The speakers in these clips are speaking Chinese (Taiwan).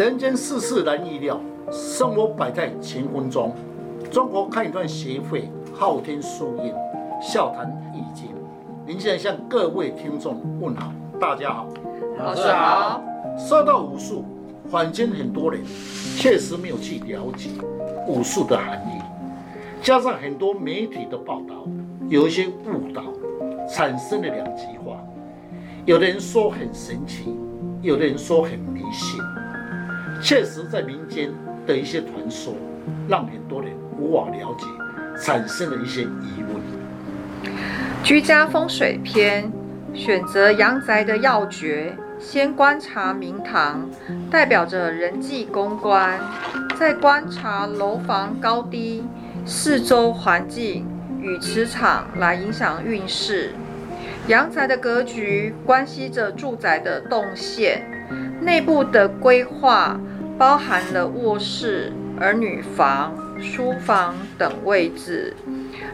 人間世事難意料，生活擺在乾坤中。中國看一段協會，昊天書院笑談易經。您現在向各位聽眾問好，大家好，老師好。說到武術，坊間很多人確實沒有去了解武術的含義，加上很多媒體的報道有一些誤導，產生了兩極化。有的人說很神奇，有的人說很迷信。確實在民間的一些傳說，讓很多人無法了解，產生了一些疑問。居家風水篇：選擇陽宅的要訣，先觀察明堂，代表着人際公關；再觀察樓房高低、四周環境與磁場來影響運勢。陽宅的格局關係着住宅的動線、內部的規劃。包含了臥室、兒女房、書房等位置，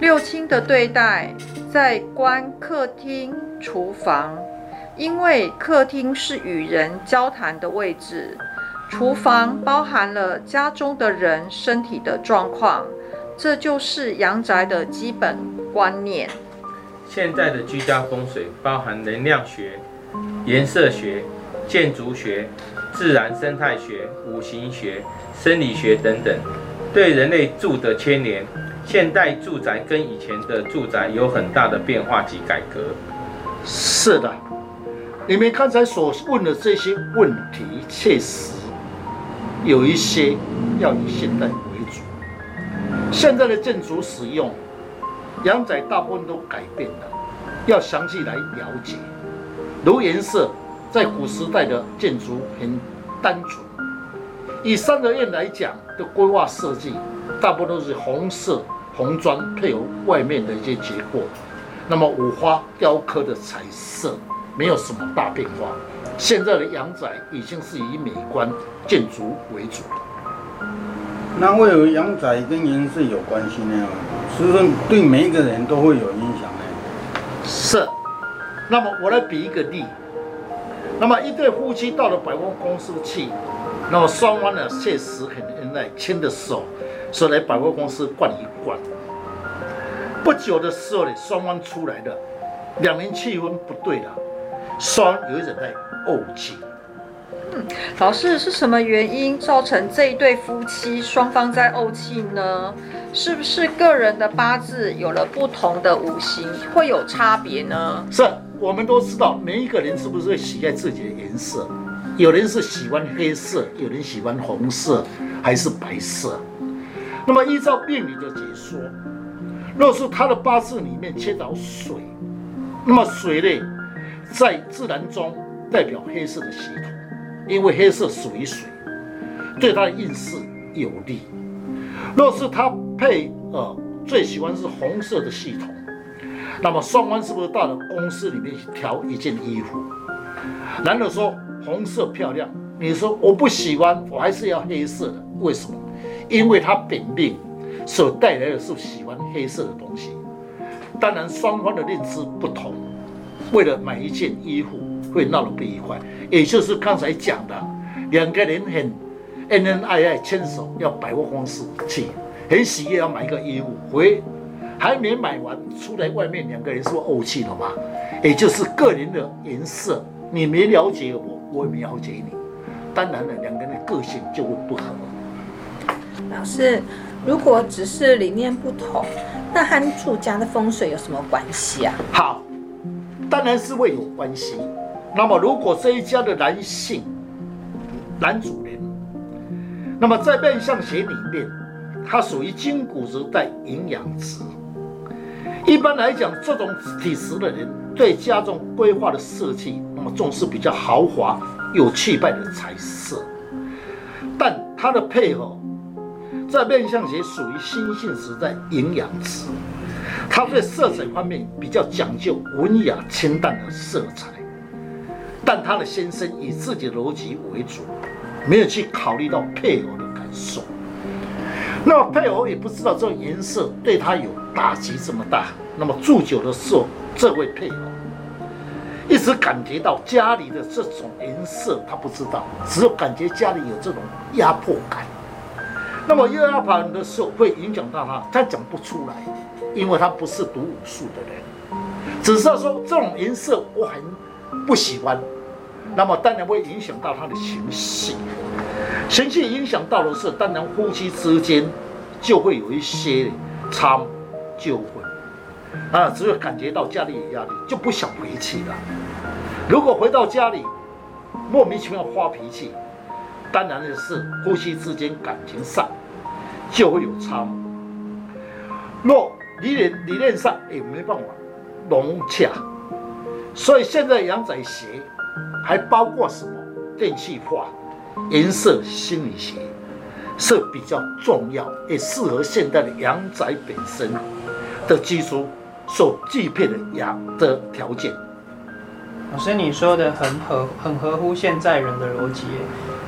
六親的對待，在觀客廳、廚房，因為客廳是與人交談的位置，廚房包含了家中的人身體的狀況，這就是陽宅的基本觀念。現在的居家風水包含能量學、顏色學。建築學、自然生態學、五行學、生理學等等，對人類住的千年現代住宅跟以前的住宅有很大的變化及改革。是的，你們剛才所問的這些問題，確實有一些要以現代為主。現在的建築使用，陽宅大部分都改變了，要詳細來了解，如顏色。在古時代的建築很單純，以三合院來講的規劃設計，大部分都是紅色紅磚，配合外面的一些結構，那麼五花雕刻的彩色沒有什麼大變化。現在的陽宅已經是以美觀建築為主。那為何陽宅跟顏色有關係呢？是不是對每一個人都會有影響呢？是。那麼我來比一個例。那麼一對夫妻到了百貨公司去，那麼雙方呢確實很恩愛，牽着手，所以來百貨公司逛一逛。不久的時候呢，雙方出來的，兩人氣氛不對了，雙有一種在慪氣。嗯，老師，是什麼原因造成這一對夫妻雙方在慪氣呢？是不是個人的八字有了不同的五行會有差別呢？是。我們都知道，每一個人是不是喜愛自己的顏色？有人是喜歡黑色，有人喜歡紅色，還是白色？那麼依照命理的解說，若是他的八字裡面缺少水，那麼水呢，在自然中代表黑色的系統，因為黑色屬於水，對他的運勢有利。若是他配呃最喜歡是紅色的系統。那麼雙方是不是到了公司裡面去挑一件衣服？男的說紅色漂亮，你說我不喜歡，我還是要黑色的，為什麼？因為它本命所帶來的是喜歡黑色的東西。當然雙方的認知不同，為了買一件衣服會鬧得不愉快，也就是剛才講的，兩個人很恩恩愛愛牽手，要百貨公司，去，很喜悅要買一個衣服。回。還沒買完出來，外面兩個人是不慪氣了嘛？也就是個人的顏色，你沒了解我，我也沒了解你，當然了，兩個人的個性就會不合。老師，如果只是理念不同，那和住家的風水有什麼關係啊？好，當然是會有關係。那麼如果這一家的男性男主人，那麼在面相學裡面，他屬於筋骨質帶營養質。一般來講，這種體識的人對家中規劃的設計，那麼重視比較豪華、有氣派的彩色。但他的配偶在面相學屬於新興時代營養師，他對色彩方面比較講究文雅清淡的色彩。但他的先生以自己的邏輯為主，沒有去考慮到配偶的感受。那麼配偶也不知道這種顏色對他有打擊這麼大。那麼住久的時候，這位配偶一直感覺到家裡的這種顏色，他不知道，只有感覺家裡有這種壓迫感。嗯、那麼又要跑的時候，會影響到他，他講不出來，因為他不是讀五術的人，只是說這種顏色我很不喜歡。那麼當然會影響到他的情緒。情緒影響到的是，當然夫妻之間就會有一些差，就會啊，只有感覺到家裡有壓力就不想回去了。如果回到家裡莫名其妙發脾氣，當然的是夫妻之間感情上就會有差，若理念理念上也沒辦法融洽。所以現在陽宅學還包括什麼電氣化？顏色心理學是比較重要，也適合現代的陽宅本身的基礎所具備的陽的條件。老師，你說的很合很合乎現在人的邏輯。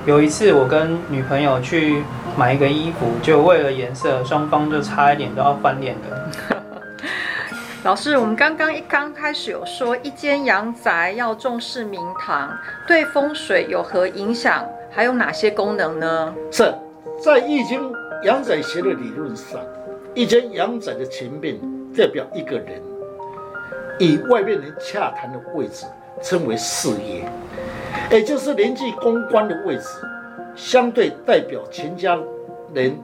有一次，我跟女朋友去買一個衣服，就為了顏色，雙方就差一點都要翻臉了。 老師，我們剛剛一剛開始有說，一間陽宅要重視明堂，對風水有何影響？還有哪些功能呢？是，在易經陽宅學的理論上，易經陽宅的前面代表一個人，以外面人洽談的位置稱為事業，也就是人際公關的位置，相對代表全家人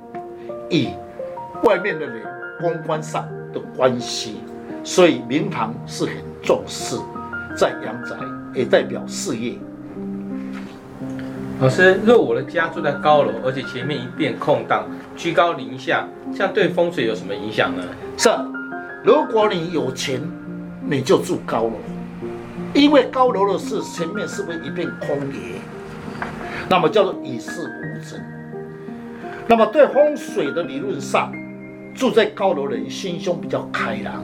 以外面的人公關上的關係，所以明堂是很重視在陽宅，也代表事業。老師，若我的家住在高樓，而且前面一片空蕩，居高臨下，這樣對風水有什麼影響呢？是，如果你有錢，你就住高樓，因為高樓的事，前面是不是一片空野，那麼叫做與世無爭。那麼對風水的理論上，住在高樓的人心胸比較開朗，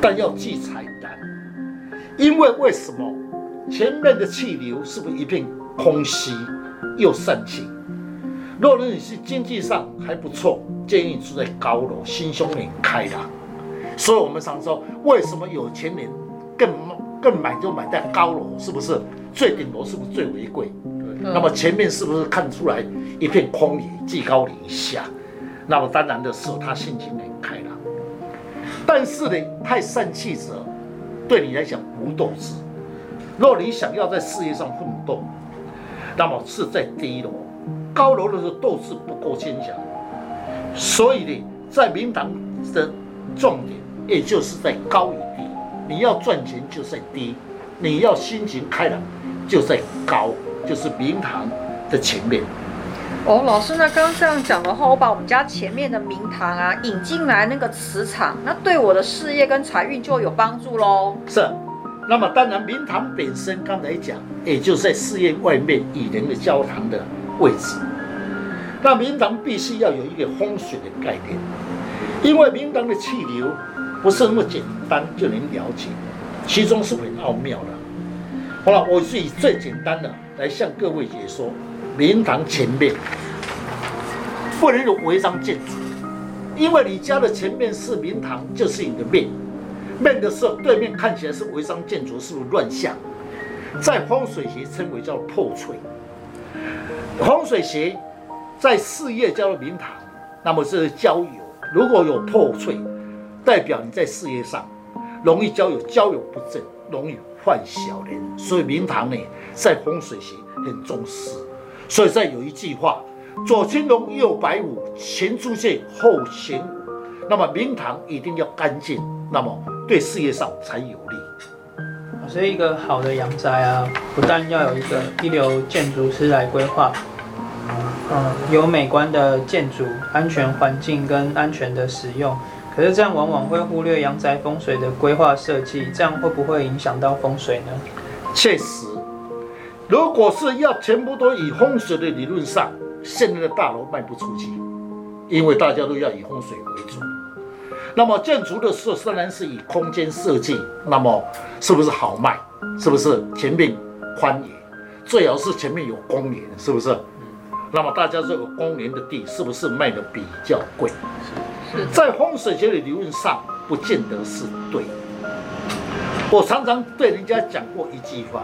但要忌財單。因為為什麼前面的氣流是不是一片？空虛又散氣。若你是經濟上還不錯，建議住在高樓，心胸很開朗。所以，我們常說，為什麼有錢人更更買就買在高樓？是不是最頂樓？是不是最為貴？對，嗯？那麼前面是不是看出來一片空野，居高臨下？那麼當然的是，他心情很開朗。但是呢，太散氣者，對你來講不鬥志。若你想要在事業上奮鬥，那麼是在低樓，高樓的時候鬥志不夠堅強。所以呢，在明堂的重點也就是在高與低。你要賺錢就在低，你要心情開朗就在高，就是明堂的前面。哦，老師呢，剛剛這樣講的話，我把我們家前面的明堂啊引進來那個磁場，那對我的事業跟財運就有幫助嘍。是。那麼當然，明堂本身剛才講，也就是在寺院外面與人的交談的位置。那明堂必須要有一個風水的概念，因為明堂的氣流不是那麼簡單就能了解，其中是很奧妙的。好了，我是以最簡單的來向各位解說：明堂前面不能有違章建築，因為你家的前面是明堂，就是你的面。面的時候，對面看起來是違章建築，是不是亂象？在風水學稱為叫破碎。風水學在事業叫做明堂，那麼是交友。如果有破碎，代表你在事業上容易交友，交友不正，容易犯小人。所以明堂呢，在風水學很重視。所以在有一句話：左青龍，右白虎，前朱雀，後玄武。那麼明堂一定要乾淨，那麼對事業上才有利。所以一個好的陽宅啊，不但要有一個一流建築師來規劃，嗯，嗯，有美觀的建築、安全環境跟安全的使用。可是這樣往往會忽略陽宅風水的規劃設計，這樣會不會影響到風水呢？確實，如果是要全部都以風水的理論上，現在的大樓賣不出去，因為大家都要以風水為主。那麼建築的設，雖然是以空間設計。那麼是不是好賣？是不是前面寬野？最好是前面有公園，是不是？那麼大家這個公園的地是不是賣得比較貴？是是。在風水學的理論上不見得是對。我常常對人家講過一句話：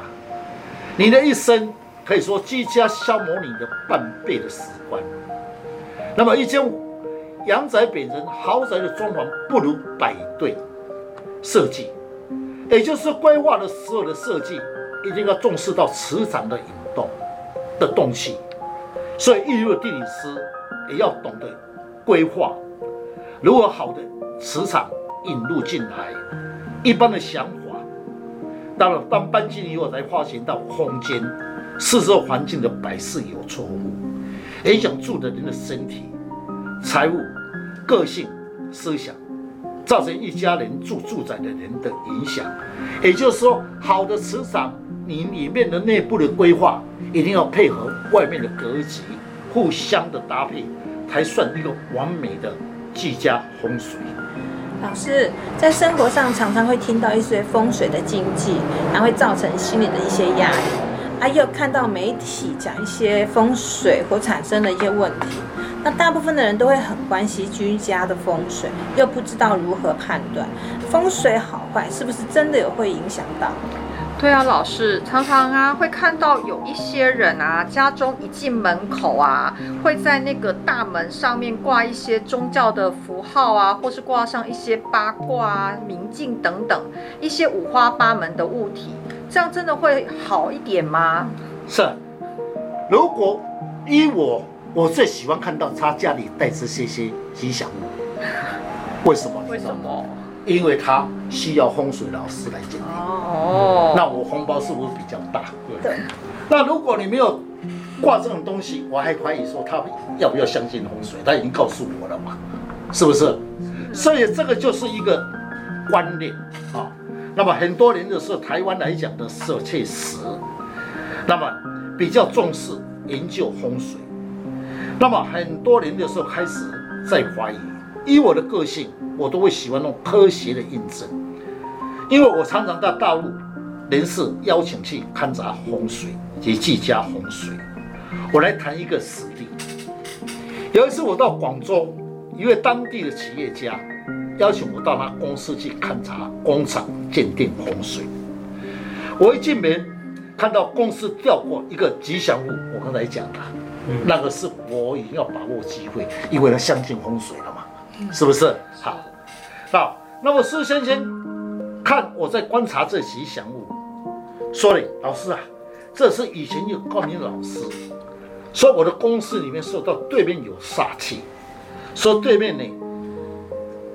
你的一生可以說居家消磨你的半輩的時光。那麼一間。陽宅本身，豪宅的裝潢不如擺對設計，也就是規劃的時候的設計，一定要重視到磁場的引動的東西。所以，一入地理師也要懂得規劃，如何好的磁場引入進來。一般的想法，當然當搬進以後才發現到空間，四周環境的擺設有錯誤，影響住的人的身體。財務、個性、思想，造成一家人住住宅的人的影響。也就是說，好的磁場，你裡面的內部的規劃一定要配合外面的格局，互相的搭配，才算一個完美的居家風水。老師在生活上常常會聽到一些風水的禁忌，還會造成心理的一些壓力。還、啊、有看到媒體講一些風水或產生的一些問題。那大部分的人都會很關心居家的風水，又不知道如何判斷風水好壞，是不是真的有會影響到？對啊，老師常常啊會看到有一些人啊，家中一進門口啊，會在那個大門上面掛一些宗教的符號啊，或是掛上一些八卦啊、明鏡等等一些五花八門的物體，這樣真的會好一點嗎？是，如果依我。我最喜歡看到他家裡帶這些些吉祥物，為什麼？為什麼？因為他需要風水老師來鑑定。哦。哦。那我紅包是不是比較大，對不對？對。那如果你沒有掛這種東西，我還懷疑說他要不要相信風水？他已經告訴我了嘛，是不是？是。所以這個就是一個觀念啊，哦。那麼很多年的時候，台灣來講的設計師，那麼比較重視研究風水。那麼很多人的時候開始在懷疑。以我的個性，我都會喜歡用科學的印證。因為我常常在大陸人士邀請去勘察風水及居家風水。我來談一個實例。有一次我到廣州，一位當地的企業家邀請我到他公司去勘察工廠鑑定風水。我一進門，看到公司吊掛一個吉祥物。我剛才講了。嗯、那個是我也要把握機會，因為相信風水了嘛，嗯，是不是？好，那麼施先生，看我在觀察這吉祥物，說嘞，老師啊，這是以前有高明老師說我的公司裡面受到對面有煞氣，說對面呢，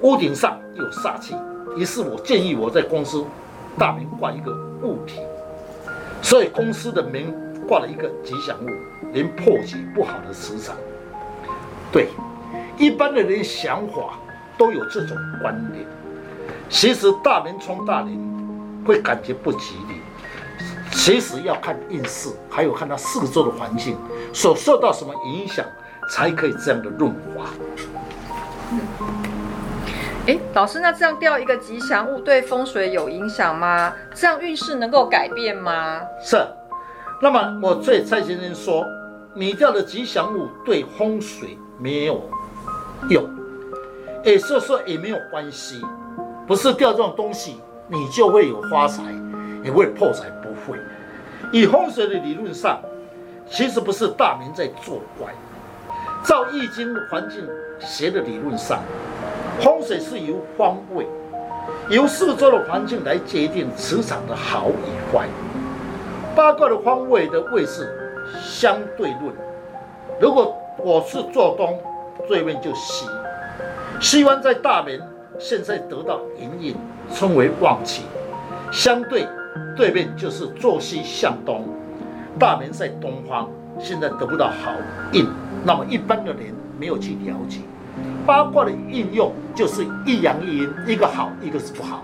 屋頂上有煞氣，於是我建議我在公司大門掛一個物體，所以公司的名。掛了一個吉祥物，連破解不好的磁場。對，一般的人想法都有這種觀念。其實大門沖大門會感覺不吉利，其實要看運勢，還有看他四周的環境所受到什麼影響，才可以這樣的潤滑。嗯、誒，老師，那這樣吊一個吉祥物對風水有影響嗎？這樣運勢能夠改變嗎？是。那麼我對蔡先生說，你釣的吉祥物對風水沒有用，誒，所以說也沒有關係。不是釣這種東西，你就會有發財，你會破財，不會。以風水的理論上，其實不是大明在作怪。照易經環境學的理論上，風水是由方位、由四周的環境來決定磁場的好與壞。八卦的方位的位置相對論。如果我是坐東，對面就西。西灣在大門，現在得到隱隱稱為旺氣。相對對面就是坐西向東，大門在東方，現在得不到好運。那麼一般的人沒有去了解八卦的應用，就是一陽一陰，一個好，一個是不好。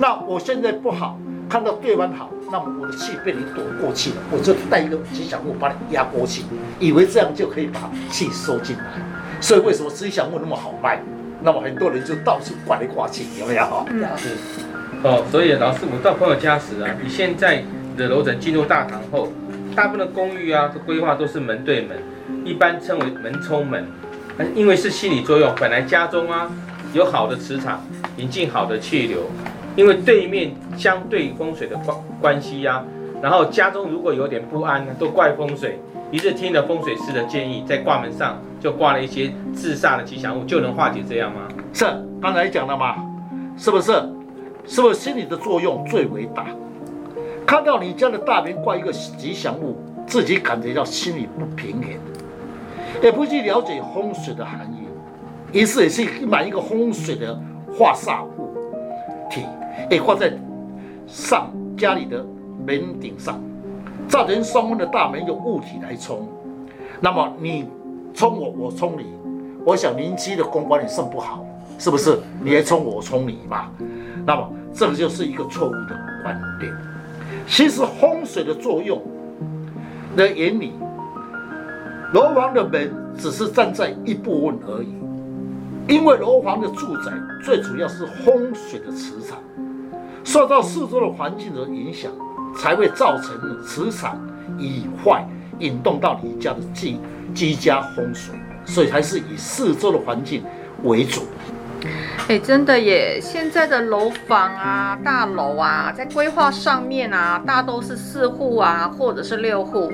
那我現在不好，看到對方好。那麼我的氣被你躲過去了，我就帶一個吉祥物把你壓過去，以為這樣就可以把氣收進來。所以為什麼吉祥物那麼好賣？那麼很多人就到處掛來掛去，有沒有？嗯，哦，所以老師，我到朋友家時啊，你現在的樓層進入大堂後，大部分的公寓啊的規劃都是門對門，一般稱為門衝門。因為是心理作用，本來家中啊有好的磁場，引進好的氣流。因為對面相對風水的關關係呀、啊，然後家中如果有點不安呢，都怪風水。於是聽了風水師的建議，在掛門上就掛了一些自煞的吉祥物，就能化解這樣嗎？是剛才講了嘛？是不是？是不是心理的作用最為大？看到你家的大門掛一個吉祥物，自己感覺到心裡不平衡。也不去了解風水的含義，於是也是買一,一個風水的化煞物體。也掛在上家裡的門頂上，造成雙方的大門有物體來衝。那麼你衝我，我衝你。我想鄰居的公關也算不好，是不是？你來衝我，我衝你嘛。那麼這就是一個錯誤的觀點。其實風水的作用的原理，樓房的門只是站在一部分而已，因為樓房的住宅最主要是風水的磁場。受到四周的環境的影響，才會造成磁場以壞，引動到你家的居、居家風水，所以才是以四周的環境為主。哎、欸，真的耶！現在的樓房啊、大樓啊，在規劃上面啊，大都是四戶啊，或者是六戶。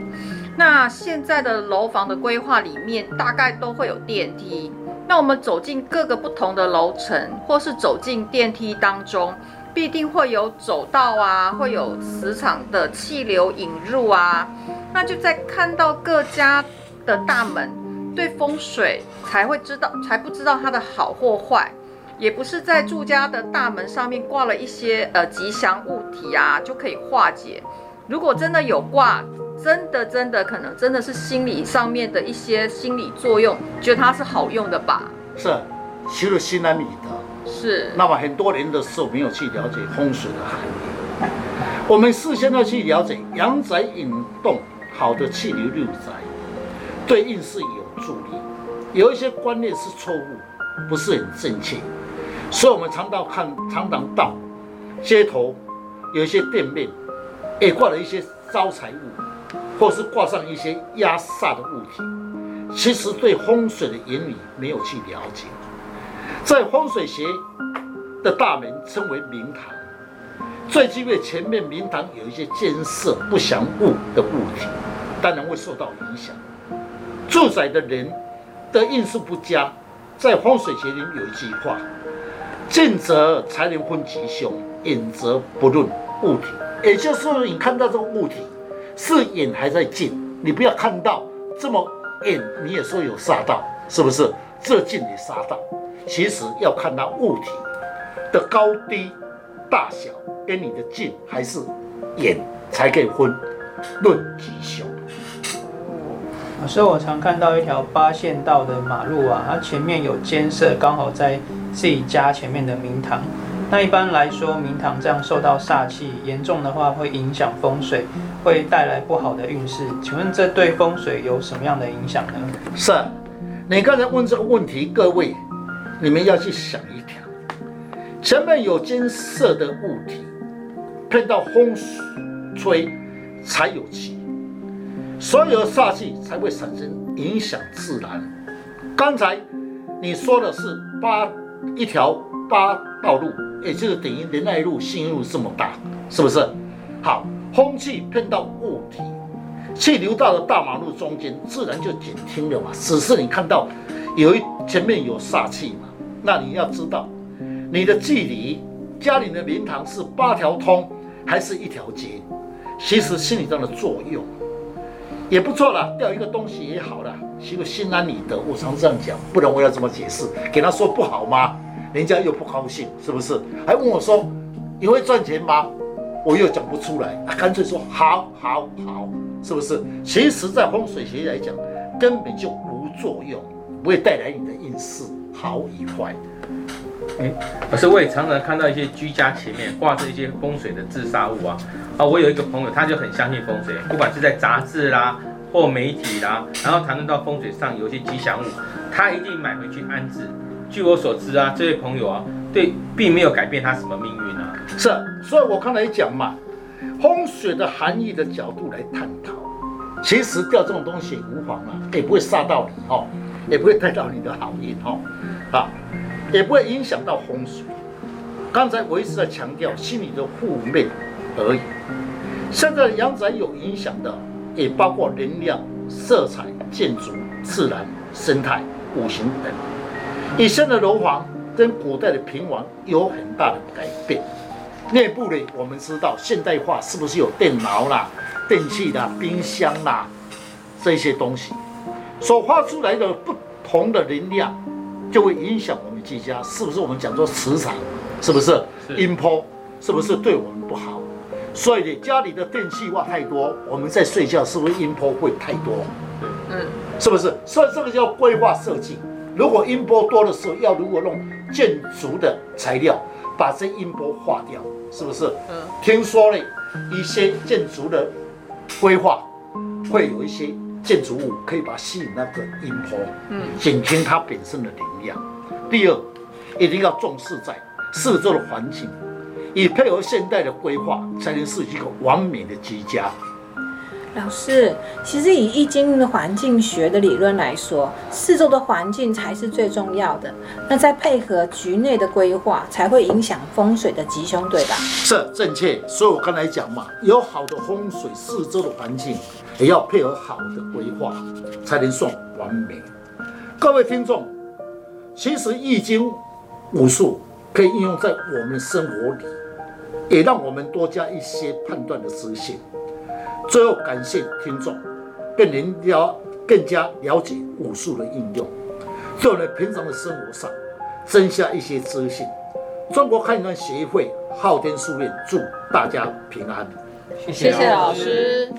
那現在的樓房的規劃裡面，大概都會有電梯。那我們走進各個不同的樓層，或是走進電梯當中。必定會有走道啊，會有磁場的氣流引入啊，那就在看到各家的大門，對風水才會知道，才不知道它的好或壞，也不是在住家的大門上面掛了一些呃吉祥物體啊就可以化解。如果真的有掛，真的真的可能真的是心理上面的一些心理作用，覺得它是好用的吧？是，其實心安理得。是，那麼很多人的時候沒有去了解風水的含義，我們事先要去了解陽宅引動，好的氣流入宅，對應是有助力，有一些觀念是錯誤，不是很正確，所以我們常到看，常常到街頭有一些店面，也掛了一些招財物，或是掛上一些壓煞的物體，其實對風水的原理沒有去了解。在風水學的大門稱為明堂，最忌諱前面明堂有一些奸色不祥物的物體，當然會受到影響，住宅的人的運勢不佳。在風水學裡面有一句話：近則財能分吉凶，遠則不論物體。也就是你看到這個物體是遠還在近，你不要看到這麼遠你也說有煞到，是不是？這近也煞到。其實要看到物體的高低、大小跟你的近還是遠，才可以分論吉凶。所以我常看到一條八線道的馬路啊，它前面有尖射，剛好在自己家前面的明堂。那一般來說，明堂這樣受到煞氣嚴重的話，會影響風水，會帶來不好的運勢。請問這對風水有什麼樣的影響呢？是每個人問這個問題？各位。你們要去想一條，前面有金色的物體，碰到風吹，吹才有氣，所有的煞氣才會產生，影響自然。剛才你說的是八一條八道路，也就是等於林內路、信用路這麼大，是不是？好，風氣碰到物體，氣流到了大馬路中間，自然就減輕了嘛。只是你看到有一，前面有煞氣嘛？那你要知道，你的距離家裡的明堂是八條通還是一條街？其實心理上的作用也不錯啦，掉一個東西也好啦，媳婦心安理得。我常這樣講，不然我要怎麼解釋？給他說不好嗎？人家又不高興，是不是？還問我說你會賺錢嗎？我又講不出來，啊，乾脆說好，好，好，是不是？其實，在風水學來講，根本就無作用，不會帶來你的運勢。好與壞，哎、嗯，可是我也常常看到一些居家前面掛着一些風水的制煞物啊。啊！我有一個朋友，他就很相信風水，不管是在雜誌啦或媒體啦，然後談論到風水上有一些吉祥物，他一定買回去安置。據我所知啊，這位朋友啊，對並沒有改變他什麼命運啊。是啊，所以我剛才講嘛，風水的含義的角度來探討，其實吊這種東西無妨啊，也不會煞到你哦。也不會帶到你的好運哦，啊，也不會影響到風水。剛才我一直在強調心理的負面而已。現在陽宅有影響的，也包括能量、色彩、建築、自然、生態、五行等。以前的樓房跟古代的平房有很大的改變。內部呢，我們知道現代化是不是有電腦啦、啊、電器啦、啊、冰箱啦、啊、這些東西。所發出來的不同的能量，就會影響我們居家，是不是？我們講說磁場，是不是？音波，是不是對我們不好？所以你家裡的電器化太多，我們在睡覺是不是音波會太多？嗯，是不是？所以這個叫規劃設計。如果音波多的時候，要如果弄建築的材料，把這音波化掉，是不是？嗯，聽說呢，一些建築的規劃會有一些。建築物可以把吸引那個音波，減輕它本身的能量。嗯。第二，一定要重視在四周的環境，以配合現代的規劃，才能是一個完美的居家。老師，其實以易經的環境學的理論來說，四周的環境才是最重要的。那再配合局內的規劃，才會影響風水的吉凶，對吧？是正確。所以我剛才講嘛，有好的風水，四周的環境也要配合好的規劃，才能算完美。各位聽眾，其實易經、五術可以應用在我們生活裡，也讓我們多加一些判斷的自信。最後感謝聽眾，更要更加了解武術的應用，就來平常的生活上，增加一些自信。中國漢極協會昊天書院祝大家平安，謝謝老師。謝謝老師。